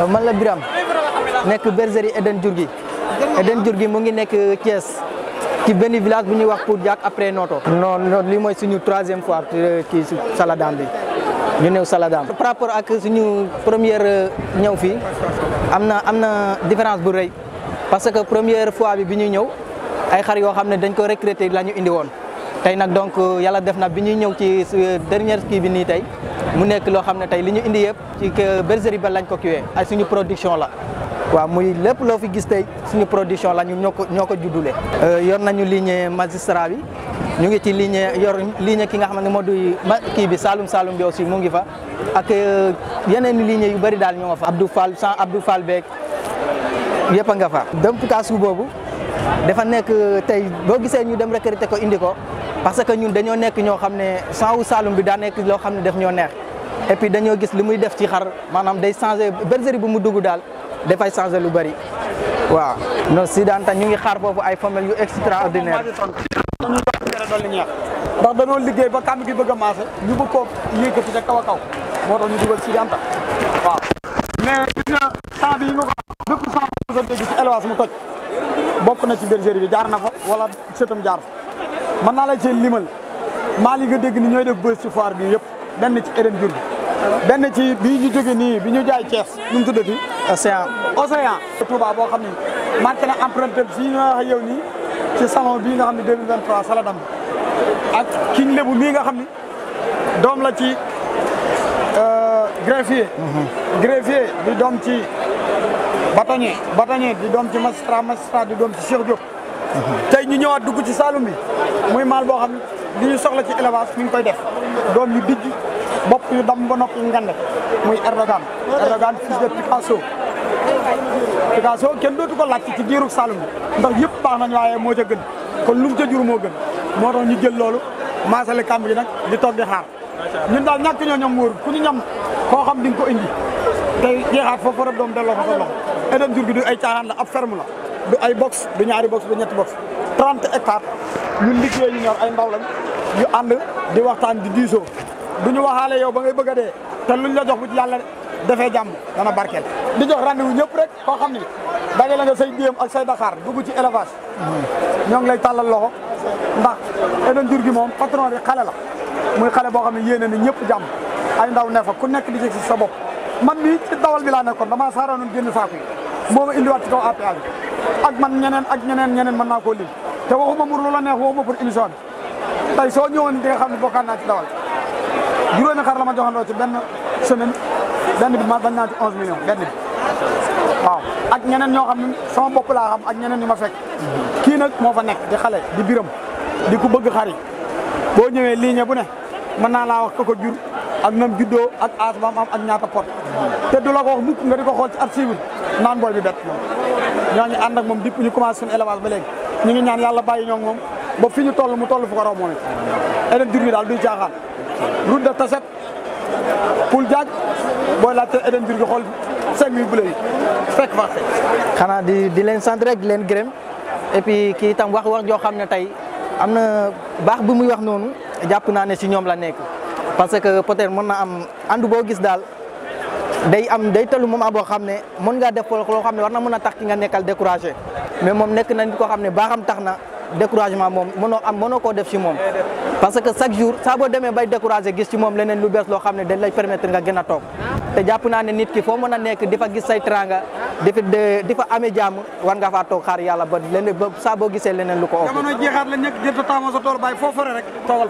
Euh, man la Biram nekk bergerie gi Diourgui jur gi mu ngi nekk Thiès ci benn village bu ñuy wax pour Diak après nooto non non lii mooy suñu troisième fois euh, ci Saladam bi ñu new Saladam. par rapport ak suñu première euh, ñëw fii am na am na différence bu rëy parce que première fois bi bi ñuy ñëw ay xar yoo xam ne dañ ko recruter la ñu indi woon tey nag donc yàlla def na bi ñuy ñëw ci dernière kii bi nii tey. mu nekk loo xam ne tey li ñu indi yëpp ci bergerie ba lañ ko kiwee ay suñu production la waaw muy lépp loo fi gis tey suñu production la ñu ñoo ko ñoo ko juddule euh, yor nañu lignée magistrat bi ñu ngi ci lignée yor lignée ki nga xam ne moo du kii bi saalum Saloum bi aussi mu ngi fa ak euh, yeneen lignée yu bëri daal ñoo nga fa Abdou Fall sans Abdou Fall beeg yëpp a nga fa dem kaasu boobu dafa nekk euh, tey boo gisee ñu dem recruter ko indi ko parce que ñun dañoo nekk ñoo xam ne saawu Saloum bi daa nekk loo xam ne daf ñoo neex et puis dañoo gis li muy def ci xar maanaam day changé bergerie bu mu dugg daal dafay changé lu bëri waaw. non si daan ñu ngi xaar foofu ay femelles yu extraordinaire. ndax dañoo liggéey ba kàmm gi bëgg a maase ñu bëgg koo yëkkati ca kaw a kaw moo tax ñu dugal si danta waaw mais gis na temps bi nga ko bépp bokk na ci bergerie bi jaar na fa wala sëtam jaar mën naa la cee limal maal yi nga dégg ni ñooy def bës ci foire bi yëpp benn ci Eden Diourbi benn ci bi ñu joge nii bi ñu jaay Thiès nu mu tuddati océan océan Touba boo xam ni marqué na empreinte si ñu wax yow nii ci salon bii nga xam ne 2023 sala dam ak kiñ lébu bii nga xam ni doom la ci euh, greffier mhm. greffier di doom ci bâtonnier bâtonnier di doom ci magistrat magistrat di doom ci Cheikh Diop tay ñu ñëwaat dugg ci salum bi muy mal bo xam li ñu soxla ci élevage mi ngi koy def doom yu dijj bop yu dam ba noppi ngand muy Erdogan Erdogan fils de Picasso Picasso kenn dootu ko lacc ci diiru salum bi ndax yépp baax nañ waaye moo ca gën kon lu mu ca jur moo gën moo tax ñu jël loolu maasale kàmb gi nag di toog di xaar ñun daal ñàkk ñoo ñam wóor ku ñu ñam koo xam di nga ko indi tey jeexaat foofu rek doom delloo ko sa loxo edem jur du ay caaxaan la ab ferme la du ay box du ñaari box du ñetti box 30 hectares ñun liggé ñu ñor ay ndaw lañ ñu di waxtaan di diisoo du ñu waxaale yow ba ngay bëgg dé té luñ la jox bu ci yalla défé jam dana barkel di jox rendez-vous ñëpp rek ko xamni ni la nga say déem ak say Dakar dugg ci élevage ñong lay talal loxo ndax Eden jur gi mom patron di xalé la muy xalé bo xamni ne yéene ni ñëpp jam ay ndaw nefa ku nekk di ci sa bop man mi ci dawal bi la nekkon dama saaroon génn saaku yi indi wat ci kaw APA ak man ñeneen ak ñeneen ñeneen mën naa koo lim te waxuma mur lu la neex waxuma pour émission bi tey soo ñëwoon di xam ne boo naa ci dawal juróomi xar la ma joxandoo ci benn semaine benn bi ma bañ naa ci onze millions benn bi waaw ak ñeneen ñoo xam ne sama bopp laa xam ak ñeneen ñu ma fekk kii nag moo fa nekk di xale di biram di ku bëgg xari boo ñëwee ligne bu ne mën naa laa wax ko ko jur ak même juddoo ak aas ba am ak ñaata pot té du la ko wax mukk nga diko xol ci archive nan boy bi bet ñoo ñooñu and ak mom dipp ñu commencé sun élevage ba léegi ñi ngi ñaan yalla bayyi ñok mom ba fi ñu toll mu toll fu ko raw moom it eden jur gi daal duy caaxaan route de pour jaj boy la té eden dir gi xol 5000 mille bleu yi fekk fa xana di di len centre rek di leen gërëm et puis ki tam wax wax jo xamne tay amna bax bu muy wax nonu japp na ne ci ñom la nekk parce que peut-être mën na am ànd boo gis daal day am day tollu moment boo xam ne mën ngaa def loo xam ne war na mën a tax ki nga nekkal découragé mais moom nekk na nit koo xam ne baaxam tax na découragement moom mënoo am mënoo koo def ci moom. parce que chaque jour saa boo demee bay découragé gis ci moom leneen lu bees loo xam ne dañ lay permettre nga gën a toog te jàpp naa ne nit ki foo mën a nekk di fa gis say teranga di fa di fa amee jàmm war nga faa toog xaar yàlla ba leneen ba saa boo gisee leneen lu ko. jamono jeexaat sa taamu sa tool bàyyi foo